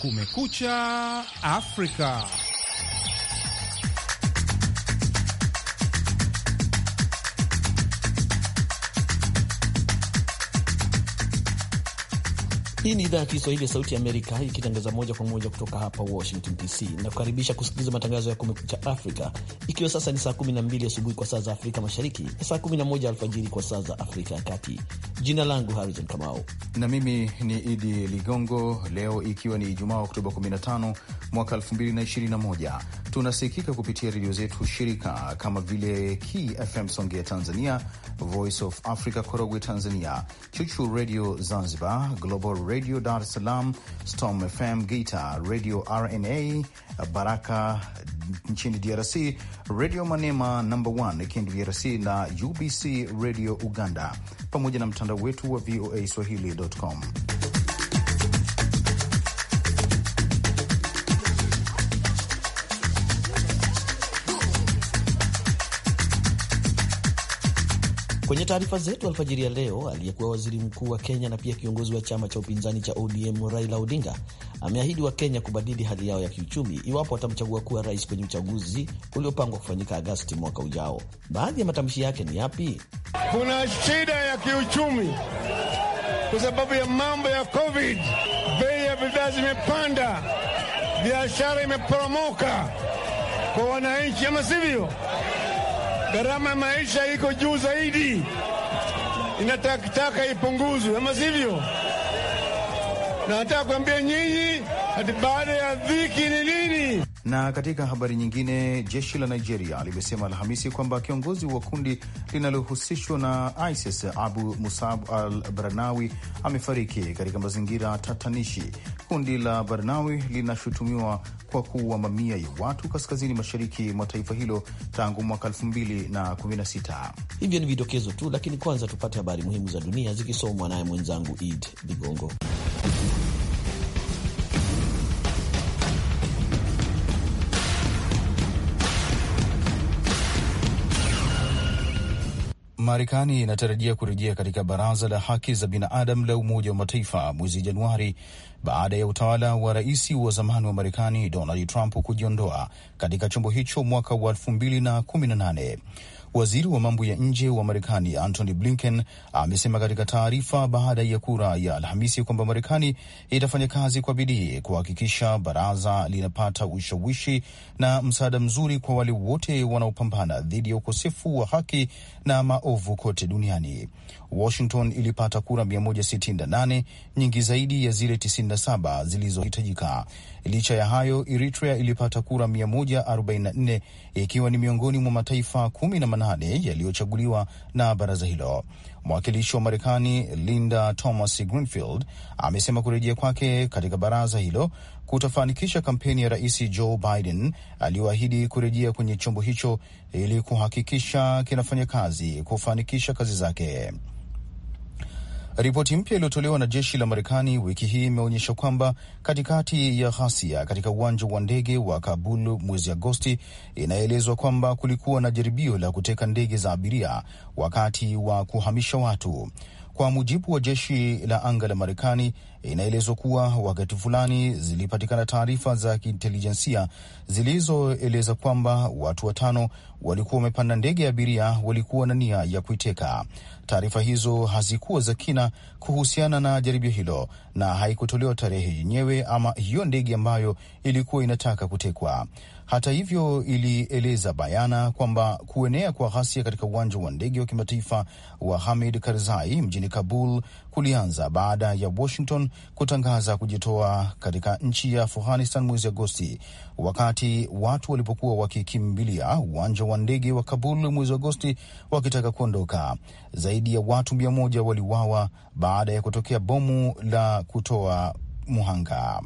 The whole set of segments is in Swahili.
Kumekucha Afrika. Hii ni idhaa ya Kiswahili ya Sauti ya Amerika ikitangaza moja kwa moja kutoka hapa Washington DC na kukaribisha kusikiliza matangazo ya Kumekucha Afrika, ikiwa sasa ni saa 12 asubuhi kwa saa za Afrika Mashariki na saa 11 alfajiri kwa saa za Afrika ya Kati. Jina langu Harrison Kamau na mimi ni Idi Ligongo. Leo ikiwa ni Ijumaa, Oktoba 15 mwaka 2021, tunasikika kupitia redio zetu shirika kama vile KFM Songea Tanzania, Voice of Africa Korogwe Tanzania, Chuchu Radio Zanzibar, Global Radio Dar es Salaam, Storm FM Gita, Radio RNA Baraka nchini DRC, Radio Manema number 1 Kindi DRC na UBC Radio Uganda, pamoja na mtandao wetu wa VOA Swahili.com. Kwenye taarifa zetu alfajiri ya leo, aliyekuwa waziri mkuu wa Kenya na pia kiongozi wa chama cha upinzani cha ODM Raila Odinga ameahidi wa Kenya kubadili hali yao ya kiuchumi iwapo watamchagua kuwa rais kwenye uchaguzi uliopangwa kufanyika Agasti mwaka ujao. Baadhi ya matamshi yake ni yapi? Kuna shida ya kiuchumi kwa sababu ya mambo ya COVID. Bei ya bidhaa zimepanda, biashara imeporomoka kwa wananchi, ama sivyo? Gharama maisha iko juu zaidi, inatakitaka ipunguzwe, ama sivyo? Nataka kuambia nyinyi hati baada ya dhiki ni nini? Na katika habari nyingine, jeshi la Nigeria limesema Alhamisi kwamba kiongozi wa kundi linalohusishwa na ISIS Abu Musab al Barnawi amefariki katika mazingira tatanishi. Kundi la Barnawi linashutumiwa kwa kuua mamia ya watu kaskazini mashariki mwa taifa hilo tangu mwaka 2016. Hivyo ni vidokezo tu, lakini kwanza tupate habari muhimu za dunia zikisomwa naye mwenzangu Id Ligongo. Marekani inatarajia kurejea katika Baraza la Haki za Binadamu la Umoja wa Mataifa mwezi Januari baada ya utawala wa rais wa zamani wa Marekani Donald Trump kujiondoa katika chombo hicho mwaka wa elfu mbili na kumi na nane. Waziri wa mambo ya nje wa Marekani Antony Blinken amesema katika taarifa baada ya kura ya Alhamisi kwamba Marekani itafanya kazi kwa bidii kuhakikisha baraza linapata ushawishi na msaada mzuri kwa wale wote wanaopambana dhidi ya ukosefu wa haki na maovu kote duniani. Washington ilipata kura 168, nyingi zaidi ya zile 97 zilizohitajika. Licha ya hayo, Eritrea ilipata kura 144 ikiwa ni miongoni mwa mataifa kumi na nane yaliyochaguliwa na baraza hilo. Mwakilishi wa Marekani Linda Thomas Greenfield amesema kurejea kwake katika baraza hilo kutafanikisha kampeni ya Rais Joe Biden aliyoahidi kurejea kwenye chombo hicho ili kuhakikisha kinafanya kazi kufanikisha kazi zake. Ripoti mpya iliyotolewa na jeshi la Marekani wiki hii imeonyesha kwamba katikati ya ghasia katika uwanja wa ndege wa Kabul mwezi Agosti, inaelezwa kwamba kulikuwa na jaribio la kuteka ndege za abiria wakati wa kuhamisha watu. Kwa mujibu wa jeshi la anga la Marekani, inaelezwa kuwa wakati fulani zilipatikana taarifa za kiintelijensia zilizoeleza kwamba watu watano walikuwa wamepanda ndege ya abiria walikuwa na nia ya kuiteka. Taarifa hizo hazikuwa za kina kuhusiana na jaribio hilo na haikutolewa tarehe yenyewe ama hiyo ndege ambayo ilikuwa inataka kutekwa. Hata hivyo, ilieleza bayana kwamba kuenea kwa ghasia katika uwanja wa ndege wa kimataifa wa Hamid Karzai mjini Kabul kulianza baada ya Washington kutangaza kujitoa katika nchi ya Afghanistan mwezi Agosti, wakati watu walipokuwa wakikimbilia uwanja wa ndege wa Kabul mwezi Agosti wakitaka kuondoka. Zaidi ya watu mia moja waliuawa baada ya kutokea bomu la kutoa muhanga.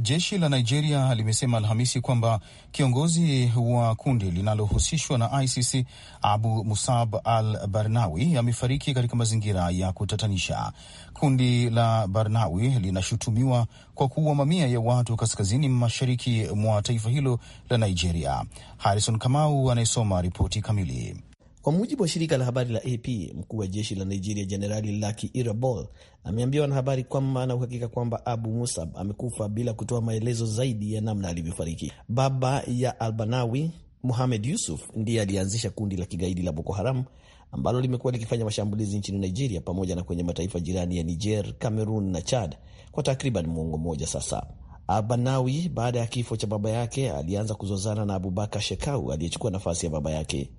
Jeshi la Nigeria limesema Alhamisi kwamba kiongozi wa kundi linalohusishwa na ICC Abu Musab al Barnawi amefariki katika mazingira ya kutatanisha. Kundi la Barnawi linashutumiwa kwa kuua mamia ya watu kaskazini mashariki mwa taifa hilo la Nigeria. Harrison Kamau anayesoma ripoti kamili. Kwa mujibu wa shirika la habari la AP, mkuu wa jeshi la Nigeria Jenerali Lucky irabol ameambia wanahabari kwamba ana uhakika kwamba Abu Musab amekufa bila kutoa maelezo zaidi ya namna alivyofariki. Baba ya Albanawi Muhamed Yusuf ndiye alianzisha kundi la kigaidi la Boko Haram ambalo limekuwa likifanya mashambulizi nchini Nigeria pamoja na kwenye mataifa jirani ya Niger, Cameroon na Chad kwa takriban mwongo mmoja sasa. Albanawi baada ya kifo cha baba yake alianza kuzozana na Abubakar Shekau aliyechukua nafasi ya baba yake.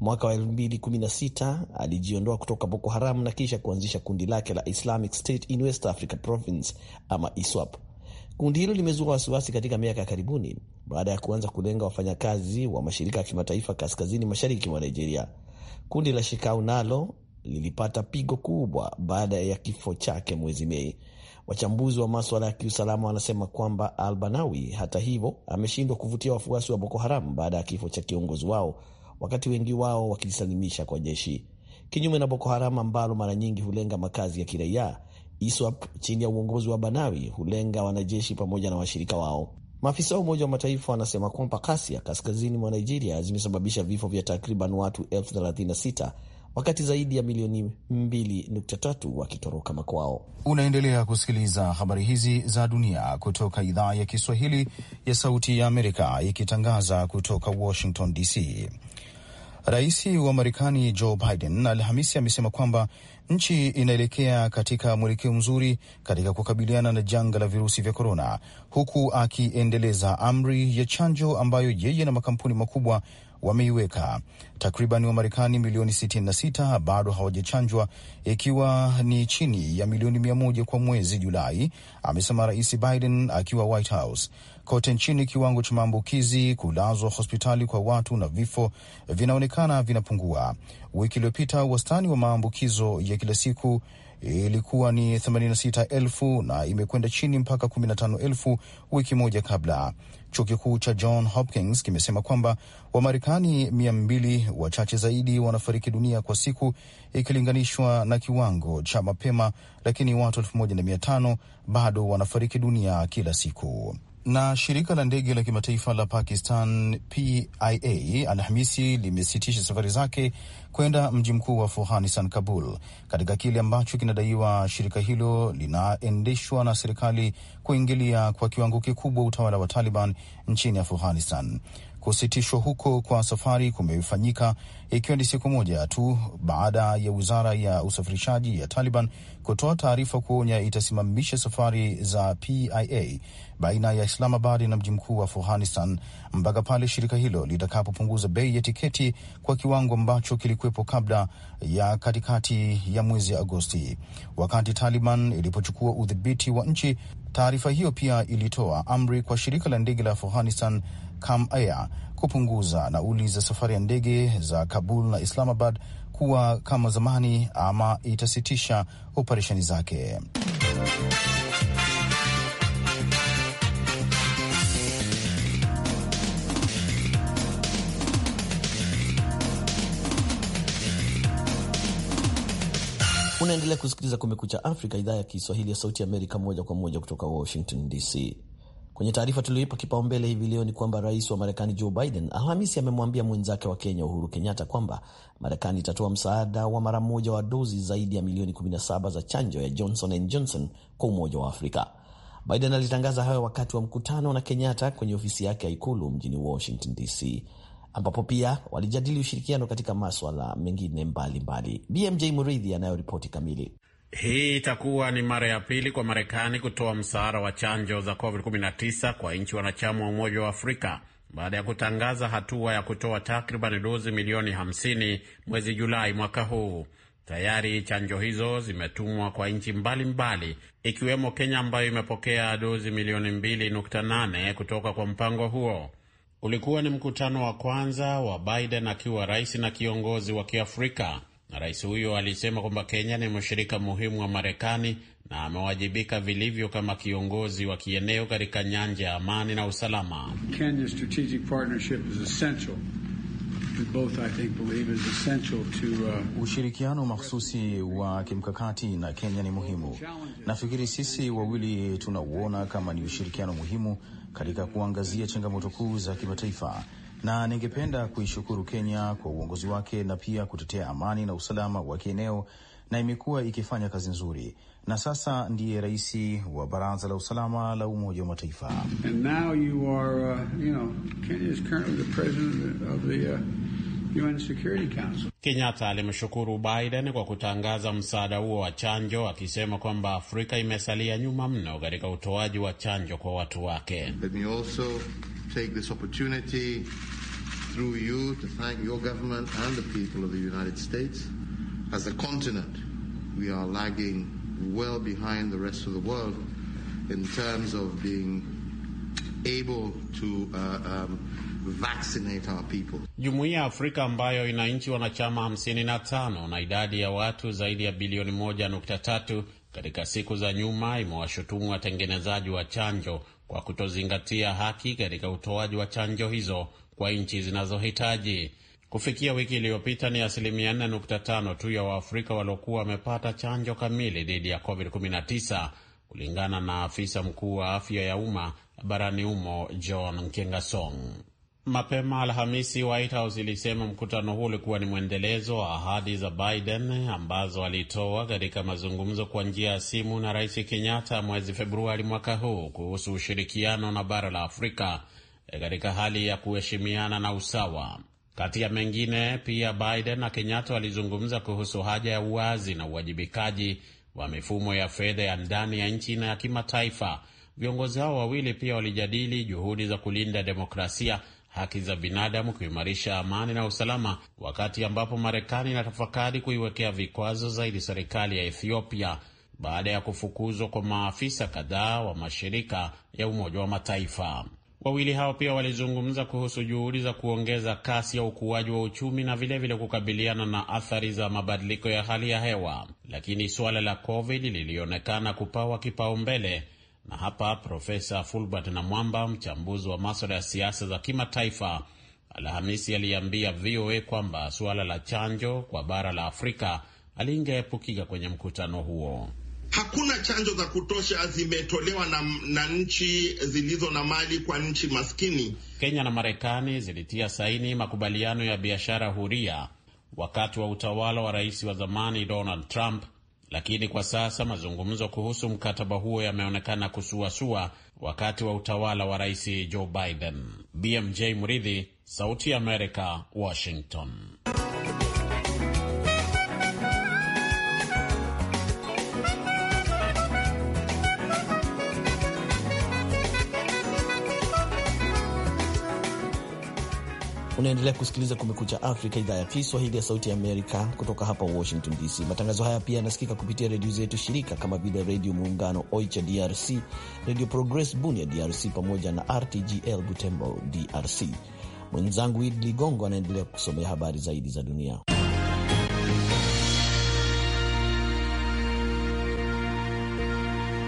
Mwaka wa 2016 alijiondoa kutoka Boko Haram na kisha kuanzisha kundi lake la Islamic State in West Africa Province ama ISWAP. Kundi hilo limezua wasiwasi katika miaka ya karibuni baada ya kuanza kulenga wafanyakazi wa mashirika ya kimataifa kaskazini mashariki mwa Nigeria. Kundi la Shekau nalo lilipata pigo kubwa baada ya kifo chake mwezi Mei. Wachambuzi wa maswala ya kiusalama wanasema kwamba Albanawi hata hivyo ameshindwa kuvutia wafuasi wa Boko Haram baada ya kifo cha kiongozi wao wakati wengi wao wakijisalimisha kwa jeshi, kinyume na Boko Haram ambalo mara nyingi hulenga makazi ya kiraia. ISWAP chini ya uongozi wa Banawi hulenga wanajeshi pamoja na washirika wao. Maafisa wa Umoja wa Mataifa wanasema kwamba kasi ya kaskazini mwa Nigeria zimesababisha vifo vya takriban watu elfu 36 wakati zaidi ya milioni 2.3 wakitoroka makwao. Unaendelea kusikiliza habari hizi za dunia kutoka idhaa ya Kiswahili ya Sauti ya Amerika ikitangaza kutoka Washington DC. Rais wa Marekani Joe Biden Alhamisi amesema kwamba nchi inaelekea katika mwelekeo mzuri katika kukabiliana na janga la virusi vya korona, huku akiendeleza amri ya chanjo ambayo yeye na makampuni makubwa wameiweka. Takriban Wamarekani milioni 66 bado hawajachanjwa ikiwa ni chini ya milioni mia moja kwa mwezi Julai, amesema Rais Biden akiwa White House kote nchini, kiwango cha maambukizi, kulazwa hospitali kwa watu na vifo vinaonekana vinapungua. Wiki iliyopita wastani wa maambukizo ya kila siku ilikuwa ni 86,000 na imekwenda chini mpaka 15,000 wiki moja kabla. Chuo kikuu cha John Hopkins kimesema kwamba Wamarekani 200 wachache zaidi wanafariki dunia kwa siku ikilinganishwa na kiwango cha mapema, lakini watu 1,500 bado wanafariki dunia kila siku. Na shirika la ndege la kimataifa la Pakistan PIA Alhamisi limesitisha safari zake kwenda mji mkuu wa Afghanistan, Kabul, katika kile ambacho kinadaiwa shirika hilo linaendeshwa na serikali kuingilia kwa kiwango kikubwa utawala wa Taliban nchini Afghanistan. Kusitishwa huko kwa safari kumefanyika ikiwa ni siku moja tu baada ya wizara ya usafirishaji ya Taliban kutoa taarifa kuonya itasimamisha safari za PIA baina ya Islamabad na mji mkuu wa Afghanistan mpaka pale shirika hilo litakapopunguza bei ya tiketi kwa kiwango ambacho kilikuwepo kabla ya katikati ya mwezi Agosti, wakati Taliban ilipochukua udhibiti wa nchi. Taarifa hiyo pia ilitoa amri kwa shirika la ndege la Afghanistan Kam Air kupunguza nauli za safari ya ndege za Kabul na Islamabad kuwa kama zamani ama itasitisha operesheni zake. Unaendelea kusikiliza Kumekucha Afrika, idhaa ya Kiswahili ya Sauti ya Amerika, moja kwa moja kutoka Washington DC. Kwenye taarifa tuliyoipa kipaumbele hivi leo ni kwamba rais wa Marekani Joe Biden Alhamisi amemwambia mwenzake wa Kenya Uhuru Kenyatta kwamba Marekani itatoa msaada wa mara moja wa dozi zaidi ya milioni 17 za chanjo ya Johnson and Johnson kwa Umoja wa Afrika. Biden alitangaza hayo wakati wa mkutano na Kenyatta kwenye ofisi yake ya ikulu mjini Washington DC, ambapo pia walijadili ushirikiano katika maswala mengine mbalimbali. BMJ Muridhi anayoripoti kamili. Hii itakuwa ni mara ya pili kwa Marekani kutoa msaada wa chanjo za COVID-19 kwa nchi wanachama wa Umoja wa Afrika baada ya kutangaza hatua ya kutoa takriban dozi milioni 50 mwezi Julai mwaka huu. Tayari chanjo hizo zimetumwa kwa nchi mbalimbali ikiwemo Kenya ambayo imepokea dozi milioni 2.8 kutoka kwa mpango huo. Ulikuwa ni mkutano wa kwanza wa Biden akiwa rais na kiongozi wa Kiafrika. Rais huyo alisema kwamba Kenya ni mshirika muhimu wa Marekani na amewajibika vilivyo kama kiongozi wa kieneo katika nyanja ya amani na usalama. uh, ushirikiano mahususi wa kimkakati na Kenya ni muhimu. Nafikiri sisi wawili tunauona kama ni ushirikiano muhimu katika kuangazia changamoto kuu za kimataifa na ningependa kuishukuru Kenya kwa uongozi wake na pia kutetea amani na usalama wa kieneo, na imekuwa ikifanya kazi nzuri, na sasa ndiye rais wa Baraza la Usalama la Umoja wa Mataifa. Uh, uh, Kenyatta alimshukuru Biden kwa kutangaza msaada huo wa chanjo, akisema kwamba Afrika imesalia nyuma mno katika utoaji wa chanjo kwa watu wake take this opportunity through you to thank your government and the people of the United States. As a continent, we are lagging well behind the rest of the world in terms of being able to uh, um, Vaccinate our people. Jumuiya ya Afrika ambayo ina nchi wanachama 55 na idadi ya watu zaidi ya bilioni 1.3 katika siku za nyuma imewashutumu watengenezaji wa chanjo kwa kutozingatia haki katika utoaji wa chanjo hizo kwa nchi zinazohitaji. Kufikia wiki iliyopita ni asilimia 4.5 tu ya Waafrika waliokuwa wamepata chanjo kamili dhidi ya COVID-19 kulingana na afisa mkuu wa afya ya umma barani humo John Nkengasong. Mapema Alhamisi, White House ilisema mkutano huu ulikuwa ni mwendelezo wa ahadi za Biden ambazo alitoa katika mazungumzo kwa njia ya simu na Rais Kenyatta mwezi Februari mwaka huu kuhusu ushirikiano na bara la Afrika eh, katika hali ya kuheshimiana na usawa. Kati ya mengine pia, Biden na Kenyatta walizungumza kuhusu haja ya uwazi na uwajibikaji wa mifumo ya fedha ya ndani ya nchi na ya kimataifa. Viongozi hao wawili pia walijadili juhudi za kulinda demokrasia haki za binadamu, kuimarisha amani na usalama, wakati ambapo Marekani inatafakari kuiwekea vikwazo zaidi serikali ya Ethiopia baada ya kufukuzwa kwa maafisa kadhaa wa mashirika ya Umoja wa Mataifa. Wawili hao pia walizungumza kuhusu juhudi za kuongeza kasi ya ukuaji wa uchumi na vilevile vile kukabiliana na athari za mabadiliko ya hali ya hewa, lakini suala la COVID lilionekana kupawa kipaumbele na hapa Profesa Fulbert Namwamba, mchambuzi wa maswala ya siasa za kimataifa, Alhamisi aliambia VOA kwamba suala la chanjo kwa bara la Afrika alingeepukika kwenye mkutano huo. Hakuna chanjo za kutosha zimetolewa na, na nchi zilizo na mali kwa nchi maskini. Kenya na Marekani zilitia saini makubaliano ya biashara huria wakati wa utawala wa rais wa zamani Donald Trump lakini kwa sasa mazungumzo kuhusu mkataba huo yameonekana kusuasua wakati wa utawala wa Rais Joe Biden. BMJ Mridhi, Sauti ya Amerika, Washington. Unaendelea kusikiliza Kumekucha Afrika, idhaa ya Kiswahili ya Sauti ya Amerika kutoka hapa Washington DC. Matangazo haya pia yanasikika kupitia redio zetu shirika kama vile Redio Muungano Oicha DRC, Redio Progress Bunia DRC, pamoja na RTGL Butembo DRC. Mwenzangu Idi Ligongo anaendelea kusomea habari zaidi za dunia.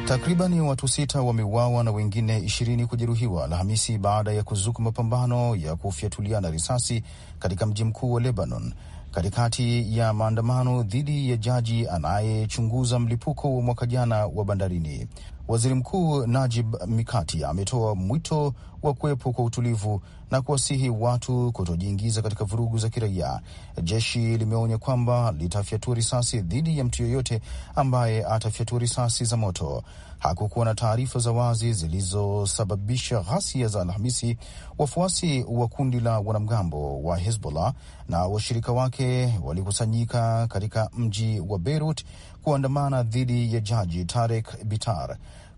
Takriban watu sita wameuawa na wengine ishirini kujeruhiwa Alhamisi baada ya kuzuka mapambano ya kufyatuliana risasi katika mji mkuu wa Lebanon katikati ya maandamano dhidi ya jaji anayechunguza mlipuko wa mwaka jana wa bandarini. Waziri Mkuu Najib Mikati ametoa mwito wa kuwepo kwa utulivu na kuwasihi watu kutojiingiza katika vurugu za kiraia. Jeshi limeonya kwamba litafyatua risasi dhidi ya mtu yeyote ambaye atafyatua risasi za moto. Hakukuwa na taarifa za wazi zilizosababisha ghasia za Alhamisi. Wafuasi wa kundi la wanamgambo wa Hezbollah na washirika wake walikusanyika katika mji wa Beirut kuandamana dhidi ya jaji Tarek Bitar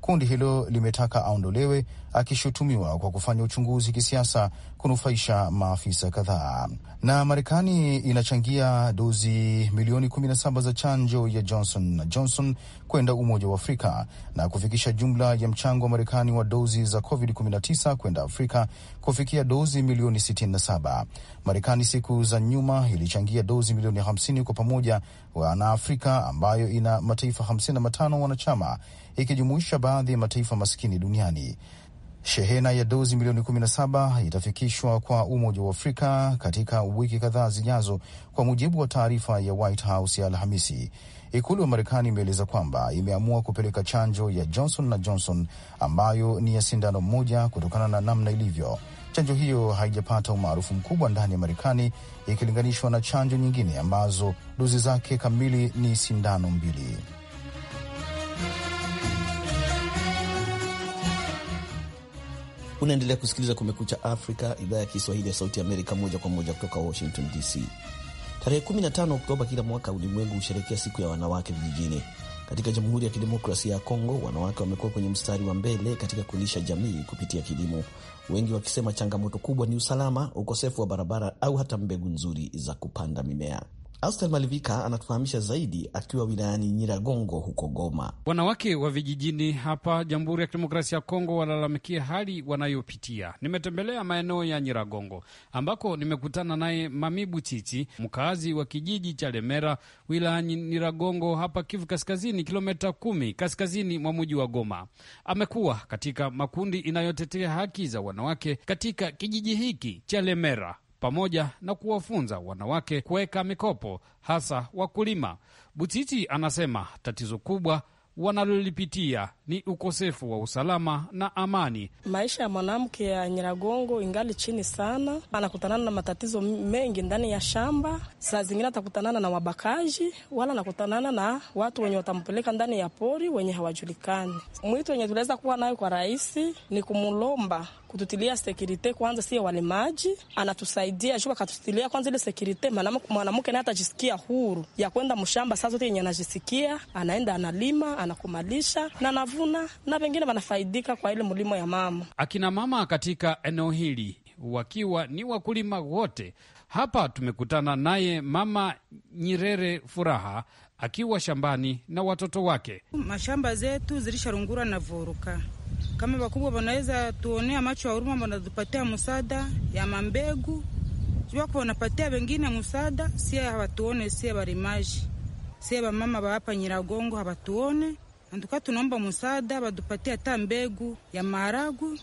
Kundi hilo limetaka aondolewe akishutumiwa kwa kufanya uchunguzi kisiasa, kunufaisha maafisa kadhaa. Na Marekani inachangia dozi milioni 17 za chanjo ya Johnson na Johnson kwenda Umoja wa Afrika na kufikisha jumla ya mchango wa Marekani wa dozi za COVID-19 kwenda Afrika kufikia dozi milioni 67. Marekani siku za nyuma ilichangia dozi milioni 50 kwa pamoja na Afrika ambayo ina mataifa 55 wanachama ikijumuisha baadhi ya mataifa maskini duniani. Shehena ya dozi milioni 17 itafikishwa kwa Umoja wa Afrika katika wiki kadhaa zijazo, kwa mujibu wa taarifa ya White House ya Alhamisi. Ikulu ya Marekani imeeleza kwamba imeamua kupeleka chanjo ya Johnson na Johnson ambayo ni ya sindano moja kutokana na namna ilivyo. Chanjo hiyo haijapata umaarufu mkubwa ndani ya Marekani ikilinganishwa na chanjo nyingine ambazo dozi zake kamili ni sindano mbili. Unaendelea kusikiliza Kumekucha Afrika, idhaa ya Kiswahili ya Sauti Amerika, moja kwa moja kutoka Washington DC. Tarehe 15 Oktoba kila mwaka ulimwengu husherekea siku ya wanawake vijijini. Katika Jamhuri ya Kidemokrasia ya Kongo, wanawake wamekuwa kwenye mstari wa mbele katika kulisha jamii kupitia kilimo, wengi wakisema changamoto kubwa ni usalama, ukosefu wa barabara au hata mbegu nzuri za kupanda mimea. Austel Malivika anatufahamisha zaidi akiwa wilayani Nyiragongo huko Goma. Wanawake wa vijijini hapa Jamhuri ya Kidemokrasia ya Kongo walalamikia hali wanayopitia. Nimetembelea maeneo ya Nyiragongo ambako nimekutana naye Mami Butiti, mkaazi wa kijiji cha Lemera wilayani Nyiragongo hapa Kivu Kaskazini, kilomita kumi kaskazini mwa muji wa Goma. Amekuwa katika makundi inayotetea haki za wanawake katika kijiji hiki cha Lemera pamoja na kuwafunza wanawake kuweka mikopo, hasa wakulima. Butiti anasema tatizo kubwa wanalolipitia ni ukosefu wa usalama na amani. Maisha ya mwanamke ya Nyiragongo ingali chini sana, anakutanana na matatizo mengi ndani ya shamba. Saa zingine atakutanana na wabakaji, wala anakutanana na watu wenye watampeleka ndani ya pori wenye hawajulikani. Mwito wenye tunaweza kuwa nayo kwa rahisi ni kumlomba kututilia sekurite kwanza, siye walimaji anatusaidia shuka katutilia kwanza ile sekurite, mwanamke naye atajisikia huru ya kwenda mshamba saa zote yenye anajisikia, anaenda analima anakumalisha na navuna, na wengine wanafaidika kwa ile mlimo ya mama. Akina mama katika eneo hili wakiwa ni wakulima wote. Hapa tumekutana naye Mama Nyirere Furaha akiwa shambani na watoto wake. Mashamba zetu zilisharungura na voruka, kama wakubwa wanaweza tuonea macho ya huruma, wanatupatia msaada ya mambegu, wako wanapatia wengine msaada, sie hawatuone sie barimaji sie bamama ba hapa Nyiragongo habatuone anduka, tunaomba musaada badupatie hata mbegu ya maragu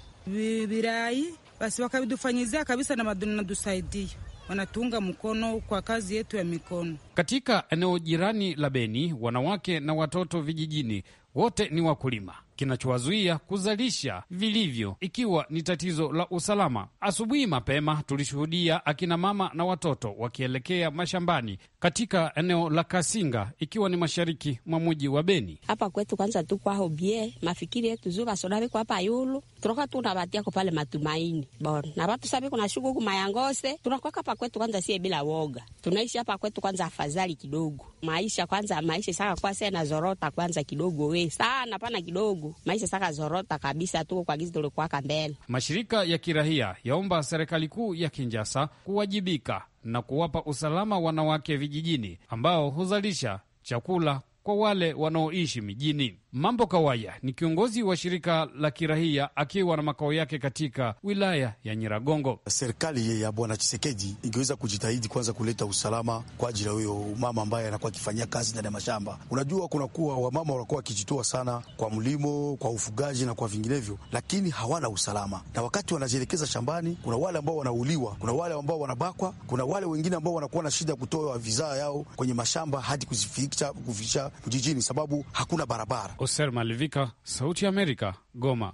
birayi, basi wakabidufanyizia kabisa na madunadusaidia wanatunga mkono kwa kazi yetu ya mikono. Katika eneo jirani la Beni, wanawake na watoto vijijini wote ni wakulima kinachowazuia kuzalisha vilivyo, ikiwa ni tatizo la usalama. Asubuhi mapema tulishuhudia akina mama na watoto wakielekea mashambani katika eneo la Kasinga, ikiwa ni mashariki mwa muji wa Beni. Hapa kwetu kwanza tukwahobie mafikiri yetu zurasoraviko hapa yulu tunakuwa tunavatiako pale matumaini bona na vatu savi kuna shuku huku mayangose tunakwaka hapa kwetu kwanza sie bila woga tunaishi hapa kwetu kwanza afadhali kidogo maisha kwanza maisha saka kwa sena zorota kwanza kidogo we sana pana kidogo kidogo. Maisha saka zorota kabisa, tuko kwa gizi tulikuwaka mbele. Mashirika ya kirahia yaomba serikali kuu ya Kinjasa kuwajibika na kuwapa usalama wanawake vijijini ambao huzalisha chakula kwa wale wanaoishi mijini. Mambo Kawaya ni kiongozi wa shirika la kirahia akiwa na makao yake katika wilaya ya Nyiragongo. Serikali ya Bwana Chisekeji ingeweza kujitahidi kwanza kuleta usalama kwa ajili ya huyo mama ambaye anakuwa akifanyia kazi ndani ya mashamba. Unajua, kunakuwa wamama wanakuwa wakijitoa sana kwa mlimo, kwa ufugaji na kwa vinginevyo, lakini hawana usalama, na wakati wanajielekeza shambani, kuna wale ambao wanauliwa, kuna wale ambao wanabakwa, kuna wale wengine ambao wanakuwa na shida ya kutoa vizaa yao kwenye mashamba hadi kuzifikisha kufisha mjijini sababu hakuna barabara. Oser Malivika, Sauti ya Amerika, Goma.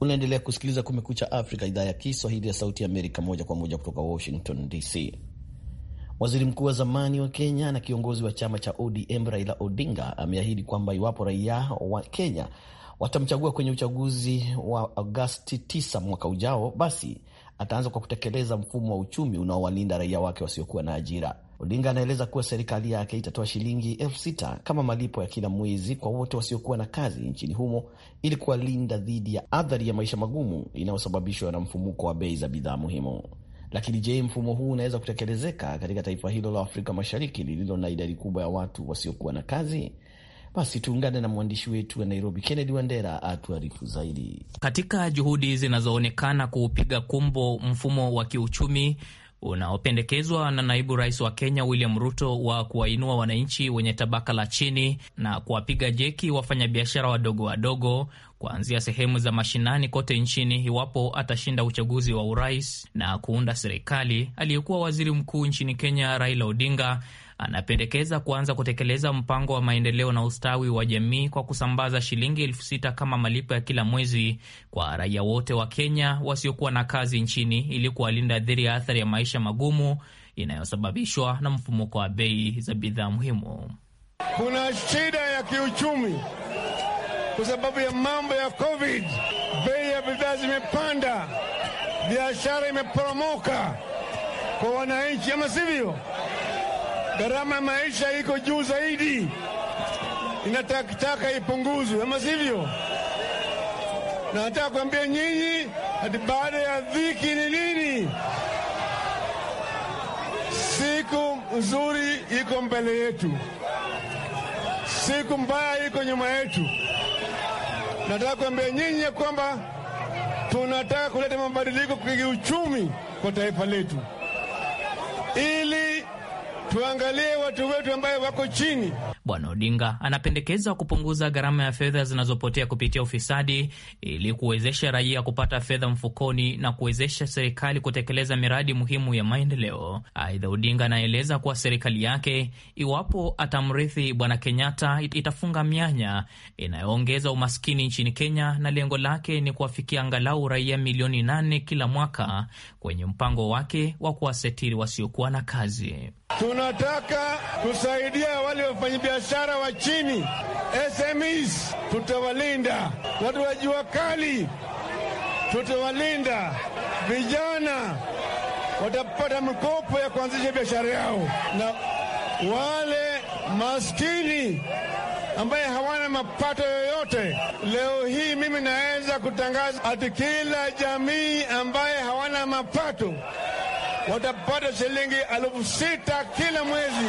Unaendelea kusikiliza Kumekucha Afrika, idhaa ya Kiswahili ya Sauti ya Amerika, moja kwa moja kutoka Washington DC. Waziri mkuu wa zamani wa Kenya na kiongozi wa chama cha ODM Raila Odinga ameahidi kwamba iwapo raia wa Kenya watamchagua kwenye uchaguzi wa Agosti 9 mwaka ujao, basi ataanza kwa kutekeleza mfumo wa uchumi unaowalinda raia wake wasiokuwa na ajira. Odinga anaeleza kuwa serikali yake itatoa shilingi elfu sita kama malipo ya kila mwezi kwa wote wasiokuwa na kazi nchini humo ili kuwalinda dhidi ya athari ya maisha magumu inayosababishwa na mfumuko wa bei za bidhaa muhimu. Lakini je, mfumo huu unaweza kutekelezeka katika taifa hilo la Afrika Mashariki lililo na idadi kubwa ya watu wasiokuwa na kazi? Basi tuungane na mwandishi wetu wa Nairobi, Kennedy Wandera, atuarifu zaidi. Katika juhudi zinazoonekana kuupiga kumbo mfumo wa kiuchumi unaopendekezwa na naibu rais wa Kenya William Ruto wa kuwainua wananchi wenye tabaka la chini na kuwapiga jeki wafanyabiashara wadogo wadogo kuanzia sehemu za mashinani kote nchini iwapo atashinda uchaguzi wa urais na kuunda serikali. Aliyekuwa waziri mkuu nchini Kenya Raila Odinga anapendekeza kuanza kutekeleza mpango wa maendeleo na ustawi wa jamii kwa kusambaza shilingi elfu sita kama malipo ya kila mwezi kwa raia wote wa Kenya wasiokuwa na kazi nchini ili kuwalinda dhidi ya athari ya maisha magumu inayosababishwa na mfumuko wa bei za bidhaa muhimu. Kuna shida ya kiuchumi kwa sababu ya mambo ya COVID. Bei ya bidhaa zimepanda, biashara imeporomoka kwa wananchi, ama sivyo? Gharama ya maisha iko juu zaidi, inatakitaka ipunguzwe, ama sivyo? Na nataka kuambia nyinyi hadi baada ya dhiki ni nini? Siku nzuri iko mbele yetu, siku mbaya iko nyuma yetu. Nataka kuambia nyinyi ya kwamba tunataka kuleta mabadiliko kiuchumi kwa taifa letu ili tuangalie watu wetu ambaye wako chini. Bwana Odinga anapendekeza kupunguza gharama ya fedha zinazopotea kupitia ufisadi ili kuwezesha raia kupata fedha mfukoni na kuwezesha serikali kutekeleza miradi muhimu ya maendeleo. Aidha, Odinga anaeleza kuwa serikali yake, iwapo atamrithi Bwana Kenyatta, itafunga mianya inayoongeza umaskini nchini Kenya, na lengo lake ni kuwafikia angalau raia milioni nane kila mwaka kwenye mpango wake wa kuwasetiri wasiokuwa na kazi. Tunataka kusaidia wale wafanyabiashara wa chini SMEs, tutawalinda. Watu wa jua kali, tutawalinda. Vijana watapata mikopo ya kuanzisha biashara yao, na wale maskini ambaye hawana mapato yoyote. Leo hii mimi naweza kutangaza ati kila jamii ambaye hawana mapato watapata shilingi elfu sita kila mwezi.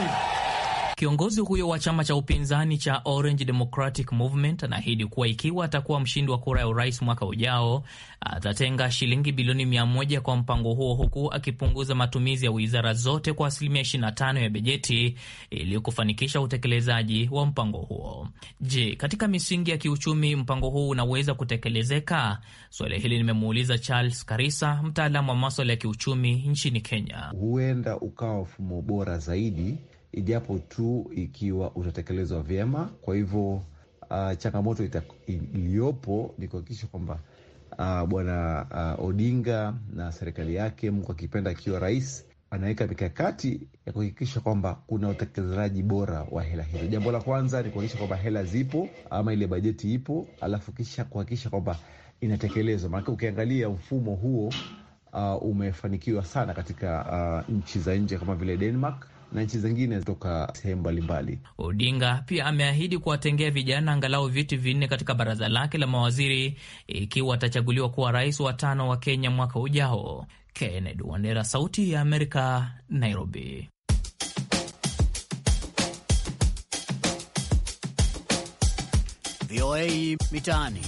Kiongozi huyo wa chama cha upinzani cha Orange Democratic Movement anaahidi kuwa ikiwa atakuwa mshindi wa kura ya urais mwaka ujao, atatenga shilingi bilioni mia moja kwa mpango huo, huku akipunguza matumizi ya wizara zote kwa asilimia 25 ya bajeti ili kufanikisha utekelezaji wa mpango huo. Je, katika misingi ya kiuchumi mpango huu unaweza kutekelezeka? Swali hili nimemuuliza Charles Karisa, mtaalamu wa maswala ya kiuchumi nchini Kenya. Huenda ukawa mfumo bora zaidi ijapo tu ikiwa utatekelezwa vyema. Kwa hivyo uh, changamoto iliyopo ni kuhakikisha kwamba uh, bwana uh, Odinga na serikali yake, Mungu akipenda, akiwa rais, anaweka mikakati ya kuhakikisha kwamba kuna utekelezaji bora wa hela hizo. Jambo la kwanza ni kuhakikisha kwamba hela zipo ama ile bajeti ipo, alafu kisha kuhakikisha kwamba inatekelezwa, maanake ukiangalia mfumo huo Uh, umefanikiwa sana katika uh, nchi za nje kama vile Denmark na nchi zingine kutoka sehemu mbalimbali. Odinga pia ameahidi kuwatengea vijana angalau viti vinne katika baraza lake la mawaziri ikiwa atachaguliwa kuwa rais wa tano wa Kenya mwaka ujao. Kenneth Wandera, Sauti ya Amerika, Nairobi. VOA Mitaani.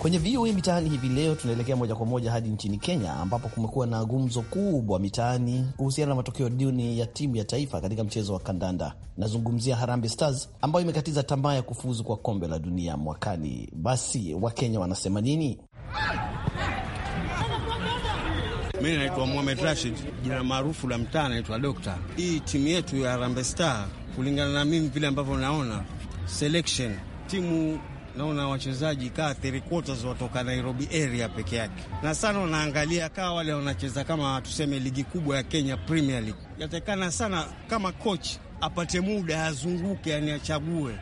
Kwenye VOA Mitaani hivi leo tunaelekea moja kwa moja hadi nchini Kenya, ambapo kumekuwa na gumzo kubwa mitaani kuhusiana na matokeo duni ya timu ya taifa katika mchezo wa kandanda. Nazungumzia Harambee Stars ambayo imekatiza tamaa ya kufuzu kwa kombe la dunia mwakani. Basi Wakenya wanasema nini? Mi naitwa Mohamed Rashid, jina maarufu la mtaa naitwa Dokta. Hii timu yetu ya Harambee Star, kulingana na mimi vile ambavyo naona selection, timu naona wachezaji kaa three quarters watoka Nairobi area peke yake, na sana unaangalia kaa wale wanacheza kama tuseme ligi kubwa ya Kenya, Premier League. Yatakana sana kama coach apate muda azunguke, yani achague,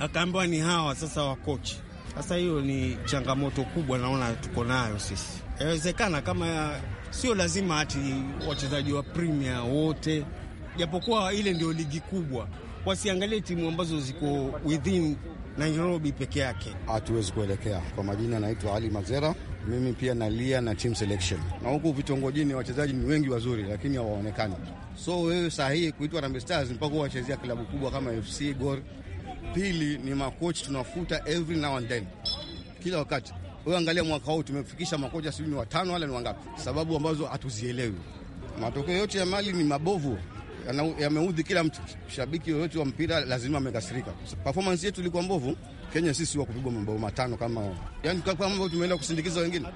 akaambiwa ni hawa sasa wa coach. Sasa hiyo ni changamoto kubwa naona tuko nayo sisi. Yawezekana kama sio lazima ati wachezaji wa Premier wote, japokuwa ile ndio ligi kubwa, wasiangalie timu ambazo ziko within Nairobi peke yake hatuwezi kuelekea. Kwa majina naitwa Ali Mazera, mimi pia nalia na team selection, na huku vitongojini wachezaji ni wengi wazuri, lakini hawaonekani. So wewe sahihi kuitwa Harambee Stars mpaka wachezea klabu kubwa kama FC Gor. Pili ni makochi tunafuta every now and then, kila wakati. Wewe angalia mwaka huu tumefikisha makocha sijui ni watano wala ni wangapi, sababu ambazo hatuzielewi. Matokeo yote ya mali ni mabovu yameudhi kila mtu. Shabiki yoyote wa mpira lazima amekasirika. Performance yetu ilikuwa mbovu. Kenya sisi wa kupigwa mabao matano kama yani, kama tumeenda kusindikiza wengine,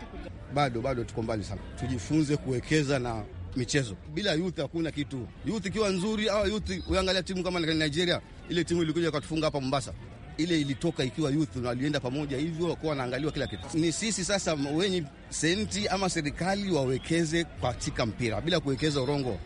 bado bado tuko mbali sana. Tujifunze kuwekeza na michezo bila youth hakuna kitu. Youth ikiwa nzuri au youth, uangalia timu kama Nigeria, ile timu ilikuja ikatufunga hapa Mombasa, ile ilitoka ikiwa youth na walienda pamoja, hivyo wakuwa wanaangaliwa kila kitu. Ni sisi sasa wenye senti ama serikali wawekeze katika mpira bila kuwekeza urongo.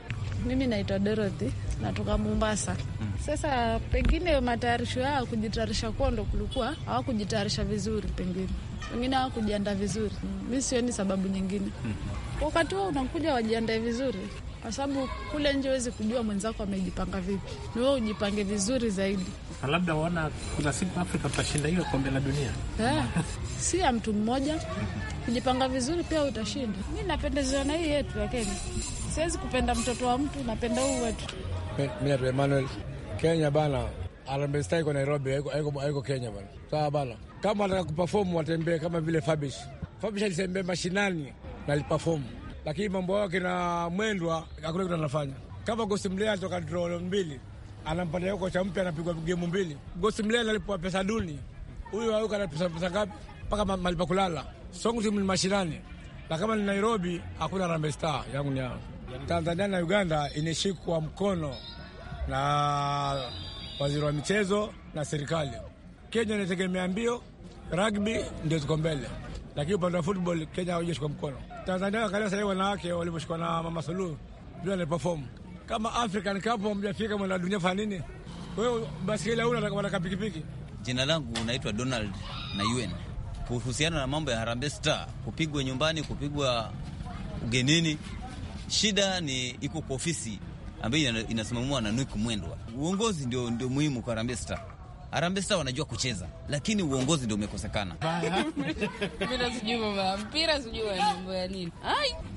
Mimi naitwa Dorothy, natoka Mombasa. Hmm. Sasa pengine matayarisho yao kujitayarisha kwao ndo kulikuwa hawakujitayarisha vizuri, pengine wengine hawakujiandaa vizuri. Mi sioni sababu nyingine, hmm. wakati huo unakuja wajiandae vizuri kwa sababu kule nje huwezi kujua mwenzako amejipanga vipi, ni wewe ujipange vizuri zaidi. Na labda waona kuna siku Afrika utashinda hiyo kombe la dunia eh, si ya mtu mmoja. Hmm. Kujipanga vizuri pia utashinda. Mi napendezewa na hii yetu ya Kenya. Siwezi kupenda mtoto wa mtu, napenda huu wetu. Mi naitwa Emmanuel. Kenya bana, Harambee iko Nairobi, aiko Kenya bana. Sawa bana, kama wataka kupafomu watembee kama vile Fabish. Fabish alitembea mashinani na alipafomu, lakini mambo yake na mwendwa hakuna kitu anafanya. Kama Gosi Mlea alitoka drolo mbili anampata anampatia cha mpya, anapigwa gemu mbili. Gosi Mlea nalipwa pesa duni, huyu auka na pesa pesa ngapi mpaka malipa kulala. Songo timu ni mashinani, na kama ni Nairobi hakuna Harambee Star yangu ni yangu Tanzania na Uganda inashikwa mkono na waziri wa michezo na serikali. Kenya inategemea mbio, rugby ndio ziko mbele, lakini upande wa football Kenya hawajashikwa mkono. Tanzania wakalia sahii wanawake walivyoshikwa na Mama Suluhu ndio anaperform kama African Cup mjafika mwana dunia fanya nini? Kwa hiyo baskeli auna wanaka pikipiki. Jina langu naitwa Donald na UN kuhusiana na mambo ya Harambee Star, kupigwa nyumbani, kupigwa ugenini Shida ni iko kwa ofisi ambayo inasimamiwa na Nuik Mwendwa. Uongozi ndio, ndio muhimu kwa Harambee Stars. Harambee Stars wanajua kucheza, lakini uongozi ndio umekosekana.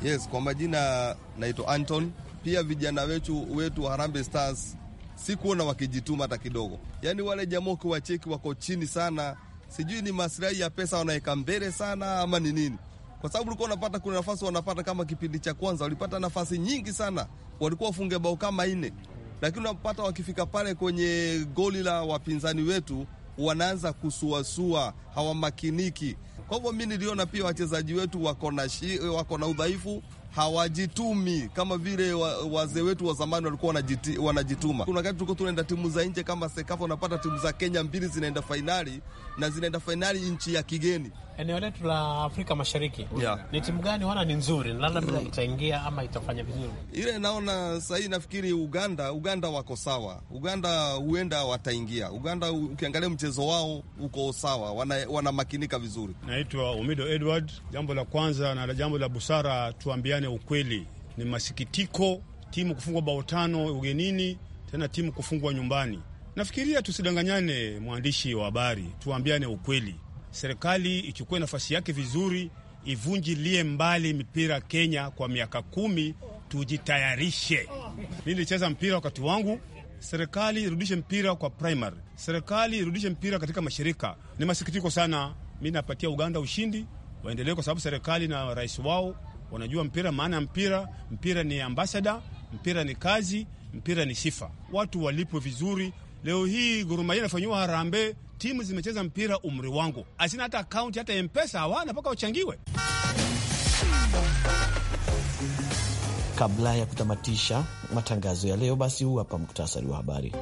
Yes, kwa majina naitwa Anton. Pia vijana wetu wetu Harambee Stars sikuona wakijituma hata kidogo. Yaani wale jamaa ukiwacheki wako chini sana, sijui ni maslahi ya pesa wanaweka mbele sana ama ni nini kwa sababu ulikuwa unapata kuna nafasi wanapata kama kipindi cha kwanza walipata nafasi nyingi sana, walikuwa wafunge bao kama nne, lakini unapata wakifika pale kwenye goli la wapinzani wetu wanaanza kusuasua, hawamakiniki. Kwa hivyo mi niliona pia wachezaji wetu wako na udhaifu hawajitumi kama vile wazee wetu wa zamani walikuwa wanajiti, wanajituma. Kuna wakati tulikuwa tunaenda timu za nje kama Sekafa, unapata timu za Kenya mbili zinaenda fainali na zinaenda fainali nchi ya kigeni. Eneo letu la Afrika Mashariki yeah. Ni timu gani wana ni nzuri, labda itaingia ama itafanya vizuri ile? Naona sahii nafikiri Uganda, Uganda wako sawa. Uganda huenda wataingia. Uganda ukiangalia mchezo wao uko sawa, wanamakinika wana vizuri. Naitwa Umido Edward. Jambo la kwanza na jambo la busara tuambiane tuongeane ukweli, ni masikitiko timu kufungwa bao tano ugenini, tena timu kufungwa nyumbani. Nafikiria tusidanganyane, mwandishi wa habari, tuambiane ukweli. Serikali ichukue nafasi yake vizuri, ivunjilie mbali mipira Kenya kwa miaka kumi, tujitayarishe. Mi nilicheza mpira wakati wangu. Serikali irudishe mpira kwa primary, serikali irudishe mpira katika mashirika. Ni masikitiko sana, mi napatia Uganda ushindi, waendelee kwa sababu serikali na rais wao wanajua mpira, maana mpira mpira ni ambasada, mpira ni kazi, mpira ni sifa. Watu walipwe vizuri. Leo hii Gor Mahia inafanyiwa timu zimecheza mpira umri wangu, asina hata akaunti, hata mpesa hawana, mpaka wachangiwe. Kabla ya kutamatisha matangazo ya leo, basi huu hapa muktasari wa habari.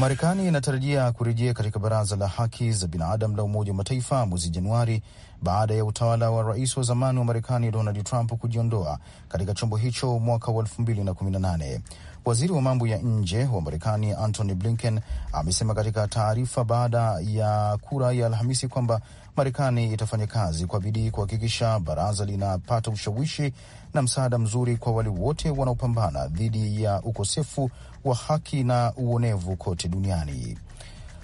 Marekani inatarajia kurejea katika Baraza la Haki za Binadamu la Umoja wa Mataifa mwezi Januari baada ya utawala wa rais wa zamani wa Marekani Donald Trump kujiondoa katika chombo hicho mwaka wa 2018. Waziri wa mambo ya nje wa Marekani Antony Blinken amesema katika taarifa baada ya kura ya Alhamisi kwamba Marekani itafanya kazi kwa bidii kuhakikisha baraza linapata ushawishi na msaada mzuri kwa wale wote wanaopambana dhidi ya ukosefu wa haki na uonevu kote duniani.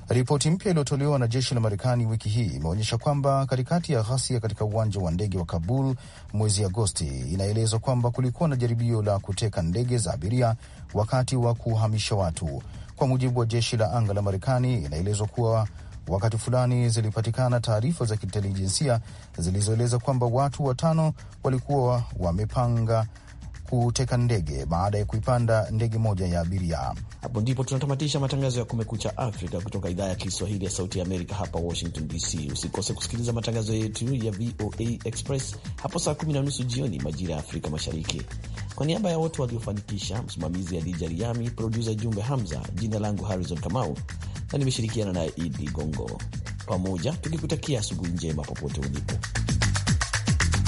Ripoti mpya iliyotolewa na jeshi la Marekani wiki hii imeonyesha kwamba katikati ya ghasia katika uwanja wa ndege wa Kabul mwezi Agosti, inaelezwa kwamba kulikuwa na jaribio la kuteka ndege za abiria wakati wa kuhamisha watu. Kwa mujibu wa jeshi la anga la Marekani, inaelezwa kuwa Wakati fulani zilipatikana taarifa za kiintelijensia zilizoeleza kwamba watu watano walikuwa wamepanga kuteka ndege baada ya kuipanda ndege moja ya abiria. Hapo ndipo tunatamatisha matangazo ya Kumekucha Afrika kutoka idhaa ya Kiswahili ya Sauti ya Amerika hapa Washington DC. Usikose kusikiliza matangazo yetu ya VOA Express hapo saa kumi na nusu jioni majira ya Afrika Mashariki. Kwa niaba ya wote waliofanikisha, msimamizi Adija Riami, produsa Jumbe Hamza, jina langu Harrison Kamau na nimeshirikiana naye Idi Gongo, pamoja tukikutakia asubuhi njema popote ulipo.